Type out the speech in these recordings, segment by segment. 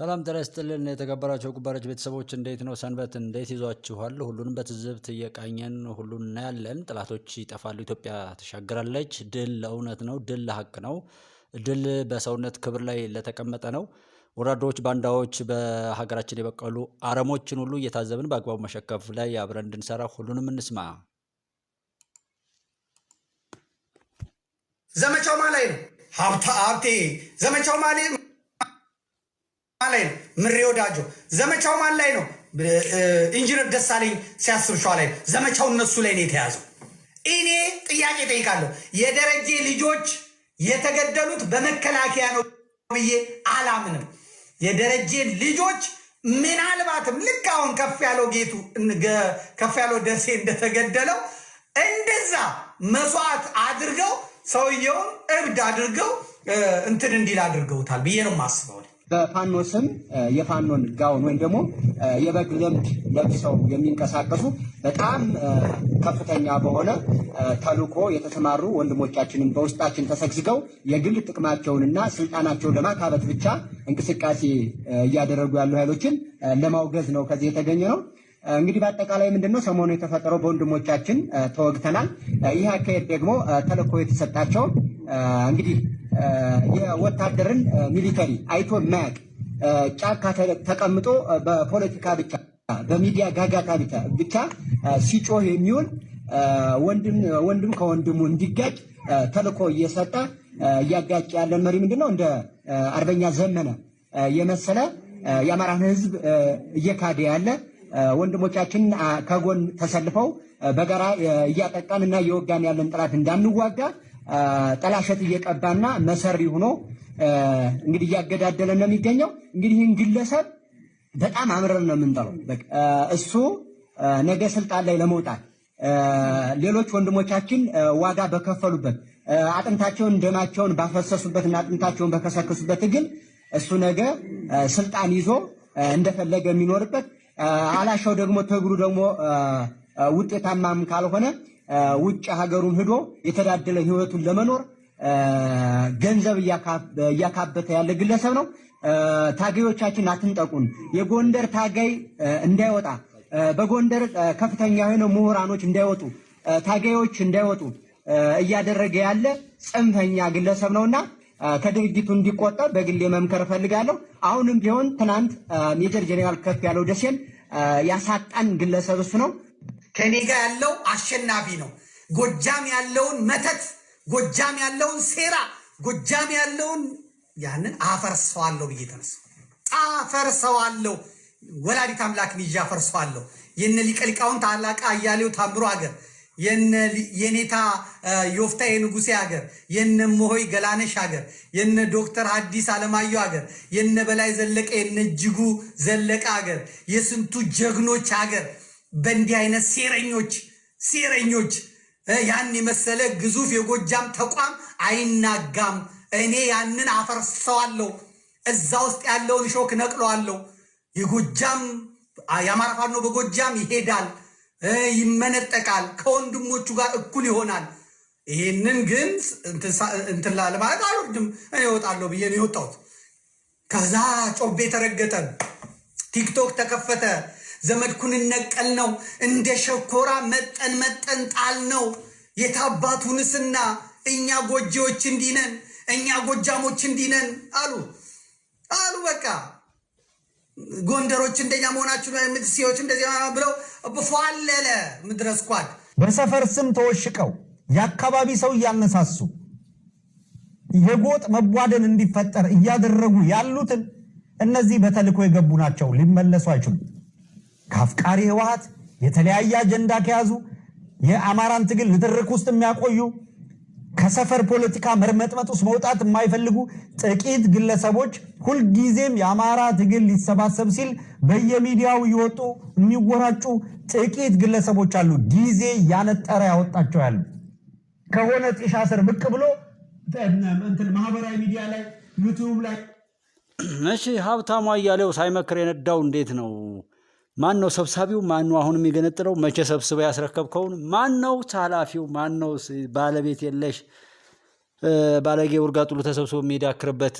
ሰላም ጤና ይስጥልን የተከበራቸው የጉባኤራች ቤተሰቦች እንዴት ነው ሰንበት? እንዴት ይዟችኋል? ሁሉንም በትዝብት እየቃኘን ሁሉን እናያለን። ጥላቶች ይጠፋሉ፣ ኢትዮጵያ ትሻገራለች። ድል ለእውነት ነው። ድል ለሀቅ ነው። ድል በሰውነት ክብር ላይ ለተቀመጠ ነው። ወራዶች፣ ባንዳዎች፣ በሀገራችን የበቀሉ አረሞችን ሁሉ እየታዘብን በአግባቡ መሸከፍ ላይ አብረን እንድንሰራ ሁሉንም እንስማ። ዘመቻው ማ ላይ ነው ሀብቴ ዘመቻው ላይ ነው። ምሬ ወዳጆ ዘመቻው ማን ላይ ነው? ኢንጂነር ደሳለኝ ሲያስብ ሸዋ ላይ ነው። ዘመቻው እነሱ ላይ ነው የተያዘው። እኔ ጥያቄ ጠይቃለሁ። የደረጀ ልጆች የተገደሉት በመከላከያ ነው ብዬ አላምንም። የደረጀ ልጆች ምናልባትም ልክ አሁን ከፍ ያለው ጌቱ ከፍ ያለው ደሴ እንደተገደለው እንደዛ መስዋዕት አድርገው ሰውየውን እብድ አድርገው እንትን እንዲል አድርገውታል ብዬ ነው የማስበው። በፋኖ ስም የፋኖን ጋውን ወይም ደግሞ የበግ ለምድ ለብሰው የሚንቀሳቀሱ በጣም ከፍተኛ በሆነ ተልኮ የተሰማሩ ወንድሞቻችንን በውስጣችን ተሰግስገው የግል ጥቅማቸውንና ስልጣናቸውን ለማካበት ብቻ እንቅስቃሴ እያደረጉ ያሉ ኃይሎችን ለማውገዝ ነው ከዚህ የተገኘ ነው። እንግዲህ በአጠቃላይ ምንድን ነው ሰሞኑ የተፈጠረው በወንድሞቻችን ተወግተናል። ይህ አካሄድ ደግሞ ተልኮ የተሰጣቸው እንግዲህ የወታደርን ሚሊተሪ አይቶ የማያውቅ ጫካ ተቀምጦ በፖለቲካ ብቻ በሚዲያ ጋጋታ ብቻ ሲጮህ የሚውል ወንድም ከወንድሙ እንዲጋጭ ተልኮ እየሰጠ እያጋጭ ያለን መሪ ምንድን ነው? እንደ አርበኛ ዘመነ የመሰለ የአማራን ሕዝብ እየካደ ያለ ወንድሞቻችን ከጎን ተሰልፈው በጋራ እያጠቃን እና እየወጋን ያለን ጠላት እንዳንዋጋ ጠላሸት እየቀባና መሰሪ ሆኖ እንግዲህ እያገዳደለ ነው የሚገኘው። እንግዲህ ይህን ግለሰብ በጣም አምረን ነው የምንጠለው። እሱ ነገ ስልጣን ላይ ለመውጣት ሌሎች ወንድሞቻችን ዋጋ በከፈሉበት አጥንታቸውን ደማቸውን ባፈሰሱበትና አጥንታቸውን በከሰከሱበት ግን እሱ ነገ ስልጣን ይዞ እንደፈለገ የሚኖርበት አላሻው ደግሞ ትግሉ ደግሞ ውጤታማም ካልሆነ ውጭ ሀገሩን ሂዶ የተዳደለ ህይወቱን ለመኖር ገንዘብ እያካበተ ያለ ግለሰብ ነው። ታጋዮቻችን አትንጠቁን። የጎንደር ታጋይ እንዳይወጣ በጎንደር ከፍተኛ የሆነ ምሁራኖች እንዳይወጡ፣ ታጋዮች እንዳይወጡ እያደረገ ያለ ጽንፈኛ ግለሰብ ነውና ከድርጅቱ እንዲቆጠብ በግሌ መምከር እፈልጋለሁ። አሁንም ቢሆን ትናንት ሜጀር ጄኔራል ከፍ ያለው ደሴን ያሳጣን ግለሰብ እሱ ነው። ከእኔ ጋር ያለው አሸናፊ ነው። ጎጃም ያለውን መተት፣ ጎጃም ያለውን ሴራ፣ ጎጃም ያለውን ያንን አፈርሰዋለሁ ብዬ ተነሱ አፈርሰዋለሁ። ወላዲት አምላክን ይዤ አፈርሰዋለሁ። የነ ሊቀ ሊቃውንት ታላቅ አያሌው ታምሮ ሀገር፣ የኔታ ዮፍታ የንጉሴ ሀገር፣ የነ መሆይ ገላነሽ ሀገር፣ የነ ዶክተር ሐዲስ አለማየሁ ሀገር፣ የነ በላይ ዘለቀ የነ እጅጉ ዘለቀ ሀገር፣ የስንቱ ጀግኖች ሀገር በእንዲህ አይነት ሴረኞች ሴረኞች ያን የመሰለ ግዙፍ የጎጃም ተቋም አይናጋም። እኔ ያንን አፈርሰዋለሁ፣ እዛ ውስጥ ያለውን እሾክ ነቅለዋለሁ። የጎጃም የአማራ ፋኖ በጎጃም ይሄዳል፣ ይመነጠቃል፣ ከወንድሞቹ ጋር እኩል ይሆናል። ይህንን ግን እንትን ለማለት አልወርድም። እኔ እወጣለሁ ብዬ ነው የወጣሁት። ከዛ ጮቤ ተረገጠ፣ ቲክቶክ ተከፈተ። ዘመድኩን እነቀል ነው እንደ ሸኮራ መጠን መጠን ጣል ነው። የታባቱንስና እኛ ጎጆዎች እንዲነን እኛ ጎጃሞች እንዲነን አሉ አሉ በቃ ጎንደሮች እንደኛ መሆናችሁ ምትሴዎች እንደዚህ ብለው ፏለለ ምድረ በሰፈር ስም ተወሽቀው የአካባቢ ሰው እያነሳሱ የጎጥ መቧደን እንዲፈጠር እያደረጉ ያሉትን እነዚህ በተልዕኮ የገቡ ናቸው፣ ሊመለሱ አይችሉም። ከአፍቃሪ ህወሀት የተለያየ አጀንዳ ከያዙ የአማራን ትግል ንትርክ ውስጥ የሚያቆዩ ከሰፈር ፖለቲካ መርመጥመጥ ውስጥ መውጣት የማይፈልጉ ጥቂት ግለሰቦች ሁልጊዜም የአማራ ትግል ሊሰባሰብ ሲል በየሚዲያው እየወጡ የሚወራጩ ጥቂት ግለሰቦች አሉ። ጊዜ ያነጠረ ያወጣቸው ያሉ ከሆነ ጢሻ ስር ብቅ ብሎ ማህበራዊ ሚዲያ ላይ ዩቱብ ላይ እሺ ሀብታሙ አያሌው ሳይመክር የነዳው እንዴት ነው? ማን ነው ሰብሳቢው? ማን ነው አሁን የሚገነጥለው? መቼ ሰብስበ ያስረከብከውን? ማን ነው ኃላፊው? ማን ነው ባለቤት የለሽ ባለጌ ውርጋ ጥሉ ተሰብስቦ የሚዳክርበት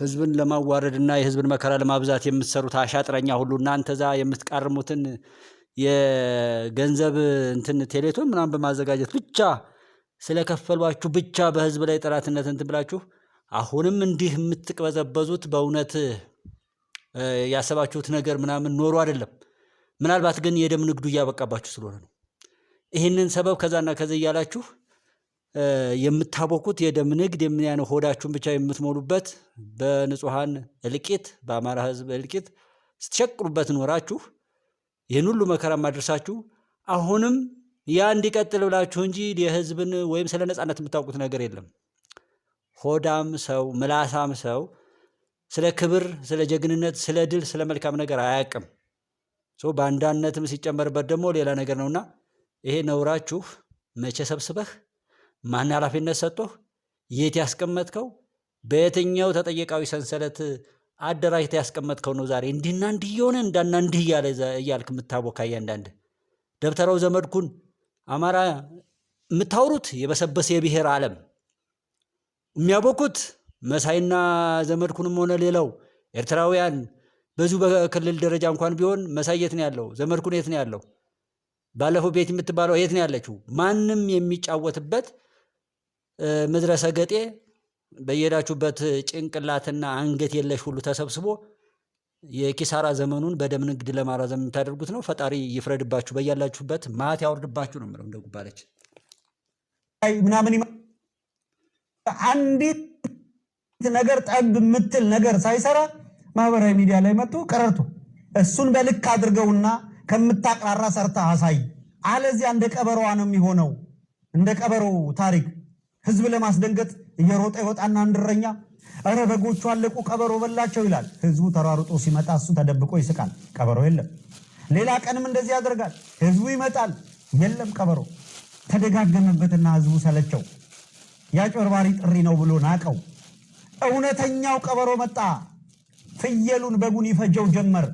ህዝብን ለማዋረድና የህዝብን መከራ ለማብዛት የምትሰሩት አሻጥረኛ ሁሉ እናንተ ዛ የምትቃርሙትን የገንዘብ እንትን ቴሌቶን ምናምን በማዘጋጀት ብቻ ስለከፈሏችሁ ብቻ በህዝብ ላይ ጠላትነት እንትን ብላችሁ አሁንም እንዲህ የምትቅበዘበዙት በእውነት ያሰባችሁት ነገር ምናምን ኖሮ አይደለም። ምናልባት ግን የደም ንግዱ እያበቃባችሁ ስለሆነ ነው። ይህንን ሰበብ ከዛና ከዚ እያላችሁ የምታቦኩት የደም ንግድ የምንያነ ሆዳችሁን ብቻ የምትሞሉበት በንጹሐን እልቂት፣ በአማራ ሕዝብ እልቂት ስትሸቅሉበት ኖራችሁ ይህን ሁሉ መከራ ማድረሳችሁ አሁንም ያ እንዲቀጥል ብላችሁ እንጂ የህዝብን ወይም ስለ ነፃነት የምታውቁት ነገር የለም። ሆዳም ሰው ምላሳም ሰው ስለ ክብር፣ ስለ ጀግንነት፣ ስለ ድል፣ ስለ መልካም ነገር አያውቅም። በአንዳነትም ሲጨመርበት ደግሞ ሌላ ነገር ነውና ይሄ ነውራችሁ መቼ ሰብስበህ ማን ኃላፊነት ሰጥቶህ የት ያስቀመጥከው በየትኛው ተጠየቃዊ ሰንሰለት አደራጅተህ ያስቀመጥከው ነው። ዛሬ እንዲህና እንዲህ እየሆነ እንዳና እንዲህ እያልክ የምታቦካ እያንዳንድ ደብተራው ዘመድኩን አማራ የምታውሩት የበሰበሰ የብሔር ዓለም የሚያቦኩት መሳይና ዘመድኩንም ሆነ ሌላው ኤርትራውያን በዚሁ በክልል ደረጃ እንኳን ቢሆን መሳይ የት ነው ያለው? ዘመድኩን የት ነው ያለው? ባለፈው ቤት የምትባለው የት ነው ያለችው? ማንም የሚጫወትበት ምድረ ሰገጤ በየሄዳችሁበት ጭንቅላትና አንገት የለሽ ሁሉ ተሰብስቦ የኪሳራ ዘመኑን በደም ንግድ ለማራዘም የምታደርጉት ነው። ፈጣሪ ይፍረድባችሁ፣ በያላችሁበት ማት ያወርድባችሁ ነው የምለው እንደ ምናምን አንዲት ነገር ጠብ የምትል ነገር ሳይሰራ ማህበራዊ ሚዲያ ላይ መጥቶ ቀረርቶ እሱን በልክ አድርገውና ከምታቅራራ ሰርታ አሳይ። አለዚያ እንደ ቀበሮዋ ነው የሚሆነው። እንደ ቀበሮ ታሪክ ህዝብ ለማስደንገጥ እየሮጠ ይወጣና እንድረኛ እረ በጎቹ አለቁ ቀበሮ በላቸው ይላል። ህዝቡ ተሯሩጦ ሲመጣ እሱ ተደብቆ ይስቃል፣ ቀበሮ የለም። ሌላ ቀንም እንደዚህ ያደርጋል። ህዝቡ ይመጣል፣ የለም ቀበሮ። ተደጋገመበትና ህዝቡ ሰለቸው። ያጭበርባሪ ጥሪ ነው ብሎ ናቀው። እውነተኛው ቀበሮ መጣ። ፍየሉን በጉን ይፈጀው ጀመር።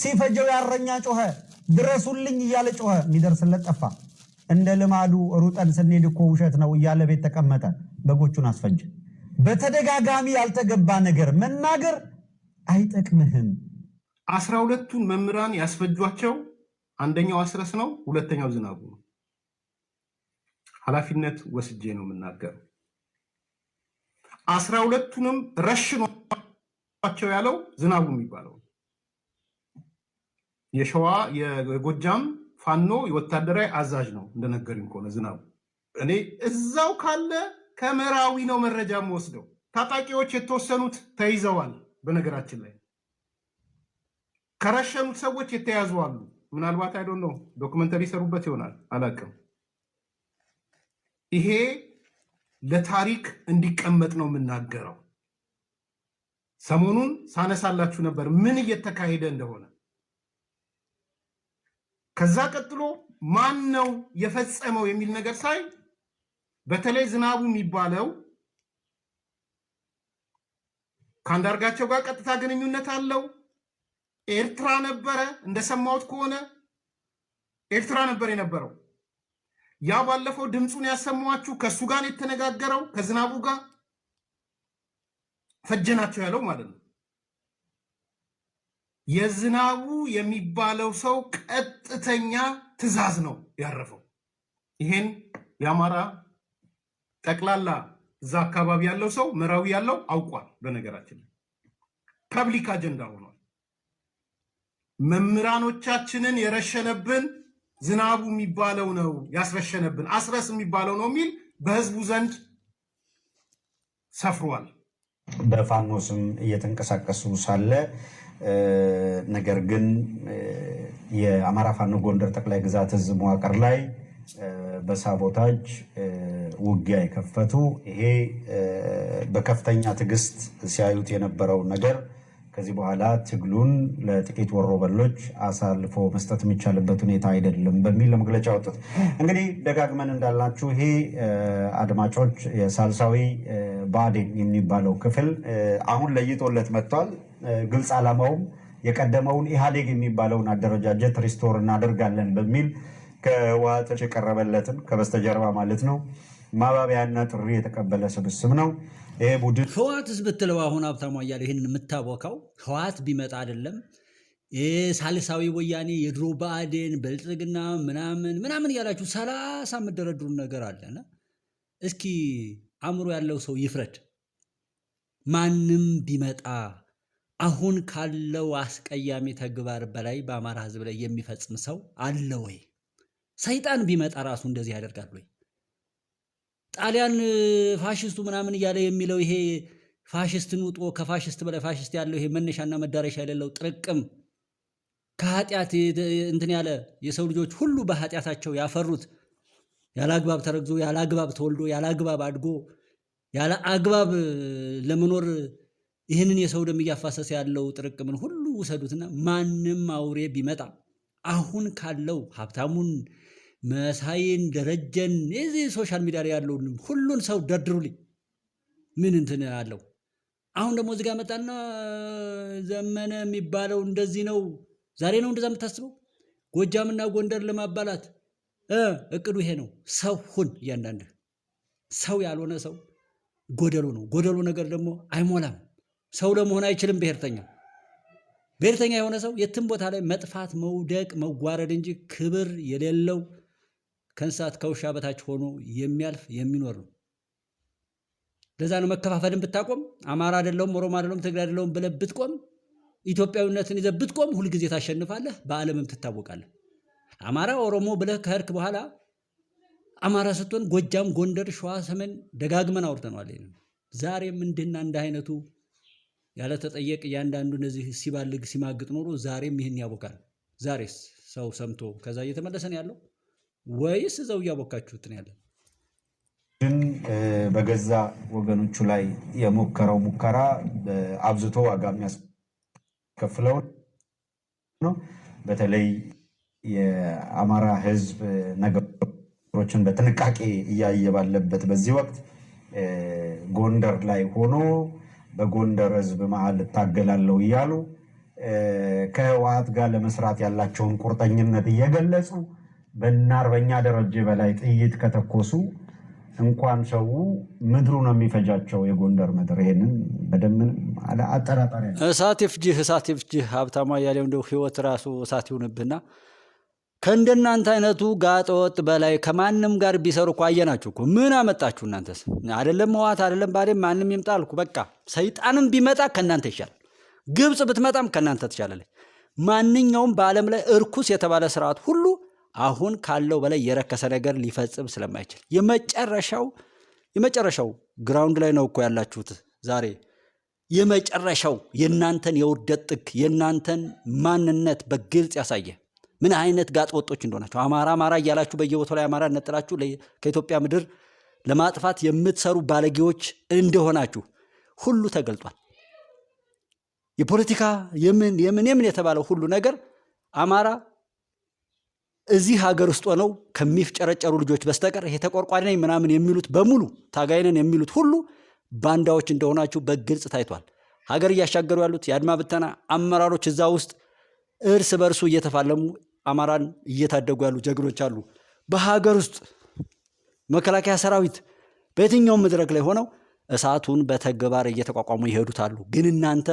ሲፈጀው ያረኛ ጮኸ፣ ድረሱልኝ እያለ ጮኸ። የሚደርስለት ጠፋ። እንደ ልማዱ ሩጠን ስንሄድ እኮ ውሸት ነው እያለ ቤት ተቀመጠ። በጎቹን አስፈጀ። በተደጋጋሚ ያልተገባ ነገር መናገር አይጠቅምህም። አስራ ሁለቱን መምህራን ያስፈጇቸው አንደኛው አስረስ ነው፣ ሁለተኛው ዝናቡ ነው። ኃላፊነት ወስጄ ነው የምናገረው። አስራ ሁለቱንም ረሽኗቸው ያለው ዝናቡ የሚባለው የሸዋ የጎጃም ፋኖ የወታደራዊ አዛዥ ነው። እንደነገርኝ ከሆነ ዝናቡ እኔ እዛው ካለ ከምዕራዊ ነው መረጃ የምወስደው። ታጣቂዎች የተወሰኑት ተይዘዋል። በነገራችን ላይ ከረሸኑት ሰዎች የተያዙ አሉ። ምናልባት አይዶ ነው ዶክመንተሪ ይሰሩበት ይሆናል አላቅም ይሄ ለታሪክ እንዲቀመጥ ነው የምናገረው። ሰሞኑን ሳነሳላችሁ ነበር ምን እየተካሄደ እንደሆነ። ከዛ ቀጥሎ ማን ነው የፈጸመው የሚል ነገር ሳይ በተለይ ዝናቡ የሚባለው ከአንዳርጋቸው ጋር ቀጥታ ግንኙነት አለው። ኤርትራ ነበረ እንደሰማሁት ከሆነ ኤርትራ ነበር የነበረው። ያ ባለፈው ድምፁን ያሰማችሁ ከእሱ ጋር የተነጋገረው ከዝናቡ ጋር ፈጀናቸው ያለው ማለት ነው። የዝናቡ የሚባለው ሰው ቀጥተኛ ትዕዛዝ ነው ያረፈው። ይሄን የአማራ ጠቅላላ እዛ አካባቢ ያለው ሰው ምዕራዊ ያለው አውቋል። በነገራችን ላይ ፐብሊክ አጀንዳ ሆኗል። መምህራኖቻችንን የረሸነብን ዝናቡ የሚባለው ነው ያስረሸነብን፣ አስረስ የሚባለው ነው የሚል በህዝቡ ዘንድ ሰፍሯል። በፋኖ ስም እየተንቀሳቀሱ ሳለ ነገር ግን የአማራ ፋኖ ጎንደር ጠቅላይ ግዛት ህዝብ መዋቅር ላይ በሳቦታጅ ውጊያ የከፈቱ ይሄ በከፍተኛ ትዕግስት ሲያዩት የነበረውን ነገር ከዚህ በኋላ ትግሉን ለጥቂት ወሮ በሎች አሳልፎ መስጠት የሚቻልበት ሁኔታ አይደለም በሚል መግለጫ ወጡት። እንግዲህ ደጋግመን እንዳልናችሁ ይሄ አድማጮች የሳልሳዊ ባዴ የሚባለው ክፍል አሁን ለይቶለት መጥቷል። ግልጽ ዓላማውም የቀደመውን ኢህአዴግ የሚባለውን አደረጃጀት ሪስቶር እናደርጋለን በሚል ከዋጦች የቀረበለትን ከበስተጀርባ ማለት ነው ማባቢያና ጥሪ የተቀበለ ስብስብ ነው። ይሄ ቡድን ብትለው አሁን ሀብታሙ አያሌው ይህን የምታወካው ህዋት ቢመጣ አይደለም ሳልሳዊ ወያኔ የድሮ ብአዴን ብልጽግና ምናምን ምናምን እያላችሁ ሰላሳ የምደረድሩን ነገር አለና እስኪ አእምሮ ያለው ሰው ይፍረድ። ማንም ቢመጣ አሁን ካለው አስቀያሚ ተግባር በላይ በአማራ ህዝብ ላይ የሚፈጽም ሰው አለ ወይ? ሰይጣን ቢመጣ ራሱ እንደዚህ ያደርጋል ወይ? ጣሊያን ፋሽስቱ ምናምን እያለ የሚለው ይሄ ፋሽስትን ውጦ ከፋሽስት በላይ ፋሽስት ያለው ይሄ መነሻና መዳረሻ የሌለው ጥርቅም ከኃጢአት እንትን ያለ የሰው ልጆች ሁሉ በኃጢአታቸው ያፈሩት ያለ አግባብ ተረግዞ ያለ አግባብ ተወልዶ ያለ አግባብ አድጎ ያለ አግባብ ለመኖር ይህንን የሰው ደም እያፋሰሰ ያለው ጥርቅምን ሁሉ ውሰዱትና ማንም አውሬ ቢመጣ አሁን ካለው ሀብታሙን መሳይን ደረጀን የዚህ ሶሻል ሚዲያ ላይ ያለውን ሁሉን ሰው ደርድሩልኝ። ምን እንትን አለው? አሁን ደግሞ እዚጋ መጣና ዘመነ የሚባለው እንደዚህ ነው። ዛሬ ነው እንደዛ የምታስበው? ጎጃምና ጎንደር ለማባላት እቅዱ ይሄ ነው። ሰው ሁን። እያንዳንድ ሰው ያልሆነ ሰው ጎደሎ ነው። ጎደሎ ነገር ደግሞ አይሞላም። ሰው ለመሆን አይችልም ብሔርተኛ ብሔርተኛ የሆነ ሰው የትም ቦታ ላይ መጥፋት፣ መውደቅ፣ መጓረድ እንጂ ክብር የሌለው ከእንስሳት ከውሻ በታች ሆኖ የሚያልፍ የሚኖር ነው። ለዛ ነው መከፋፈልን ብታቆም፣ አማራ አይደለሁም ኦሮሞ አይደለሁም ትግራይ አይደለሁም ብለህ ብትቆም፣ ኢትዮጵያዊነትን ይዘህ ብትቆም፣ ሁልጊዜ ታሸንፋለህ፣ በዓለምም ትታወቃለህ። አማራ ኦሮሞ ብለህ ከሄድክ በኋላ አማራ ስትሆን ጎጃም፣ ጎንደር፣ ሸዋ፣ ሰሜን ደጋግመን አውርተነዋል። ዛሬም እንድና እንደ አይነቱ ያለ ተጠየቅ እያንዳንዱ እነዚህ ሲባልግ ሲማግጥ ኖሮ ዛሬም ይህን ያቦካል። ዛሬስ ሰው ሰምቶ ከዛ እየተመለሰን ያለው ወይስ እዛው እያቦካችሁት ነው ያለ? ግን በገዛ ወገኖቹ ላይ የሞከረው ሙከራ አብዝቶ ዋጋ የሚያስከፍለው ነው። በተለይ የአማራ ሕዝብ ነገሮችን በጥንቃቄ እያየ ባለበት በዚህ ወቅት ጎንደር ላይ ሆኖ በጎንደር ሕዝብ መሀል እታገላለሁ እያሉ ከህወሓት ጋር ለመስራት ያላቸውን ቁርጠኝነት እየገለጹ በእነ አርበኛ ደረጀ በላይ ጥይት ከተኮሱ እንኳን ሰው ምድሩ ነው የሚፈጃቸው። የጎንደር ምድር ይሄንን በደምን አጠራጣሪ እሳት ይፍጅህ፣ እሳት ይፍጅህ። ሀብታማ ያለው እንደው ህይወት ራሱ እሳት ይሁንብህና ከእንደናንተ አይነቱ ጋጠ በላይ ከማንም ጋር ቢሰሩ እኮ አየናችሁ እኮ። ምን አመጣችሁ እናንተስ? አይደለም ህዋት አይደለም ባዴ ማንም ይምጣ አልኩ። በቃ ሰይጣንም ቢመጣ ከእናንተ ይሻል፣ ግብፅ ብትመጣም ከእናንተ ትሻላለች። ማንኛውም በዓለም ላይ እርኩስ የተባለ ስርዓት ሁሉ አሁን ካለው በላይ የረከሰ ነገር ሊፈጽም ስለማይችል የመጨረሻው የመጨረሻው ግራውንድ ላይ ነው እኮ ያላችሁት ዛሬ የመጨረሻው የእናንተን የውርደት ጥግ የእናንተን ማንነት በግልጽ ያሳየ ምን አይነት ጋጥ ወጦች እንደሆናቸው አማራ አማራ እያላችሁ በየቦታው ላይ አማራ ነጥላችሁ ከኢትዮጵያ ምድር ለማጥፋት የምትሰሩ ባለጌዎች እንደሆናችሁ ሁሉ ተገልጧል። የፖለቲካ የምን የምን የምን የተባለው ሁሉ ነገር አማራ እዚህ ሀገር ውስጥ ሆነው ከሚፍጨረጨሩ ልጆች በስተቀር ይሄ ተቆርቋሪ ነኝ ምናምን የሚሉት በሙሉ ታጋይ ነን የሚሉት ሁሉ ባንዳዎች እንደሆናችሁ በግልጽ ታይቷል። ሀገር እያሻገሩ ያሉት የአድማ ብተና አመራሮች እዛ ውስጥ እርስ በእርሱ እየተፋለሙ አማራን እየታደጉ ያሉ ጀግኖች አሉ። በሀገር ውስጥ መከላከያ ሰራዊት በየትኛውም መድረክ ላይ ሆነው እሳቱን በተግባር እየተቋቋሙ ይሄዱት አሉ። ግን እናንተ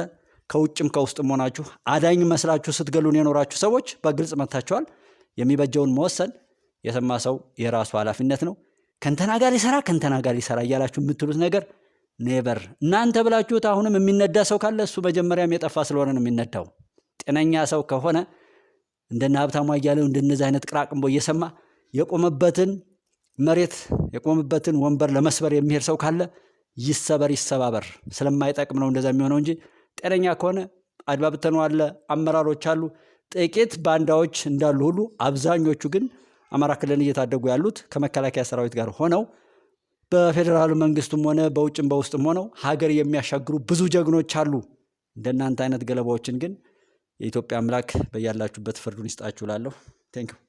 ከውጭም ከውስጥም ሆናችሁ አዳኝ መስላችሁ ስትገሉን የኖራችሁ ሰዎች በግልጽ መታችኋል። የሚበጀውን መወሰን የሰማ ሰው የራሱ ኃላፊነት ነው። ከንተና ጋር ሊሰራ ከንተና ጋር ሊሰራ እያላችሁ የምትሉት ነገር ኔቨር። እናንተ ብላችሁት አሁንም የሚነዳ ሰው ካለ እሱ መጀመሪያም የጠፋ ስለሆነ ነው የሚነዳው። ጤነኛ ሰው ከሆነ እንደነ ሀብታሙ አያሌው እንደነዚህ አይነት ቅራቅንቦ እየሰማ የቆመበትን መሬት የቆመበትን ወንበር ለመስበር የሚሄድ ሰው ካለ ይሰበር ይሰባበር። ስለማይጠቅም ነው እንደዛ የሚሆነው እንጂ ጤነኛ ከሆነ አድባብተነው አለ፣ አመራሮች አሉ። ጥቂት ባንዳዎች እንዳሉ ሁሉ አብዛኞቹ ግን አማራ ክልልን እየታደጉ ያሉት ከመከላከያ ሰራዊት ጋር ሆነው በፌዴራሉ መንግስቱም ሆነ በውጭም በውስጥም ሆነው ሀገር የሚያሻግሩ ብዙ ጀግኖች አሉ። እንደናንተ አይነት ገለባዎችን ግን የኢትዮጵያ አምላክ በያላችሁበት ፍርዱን ይስጣችሁ እላለሁ። ቴንኪው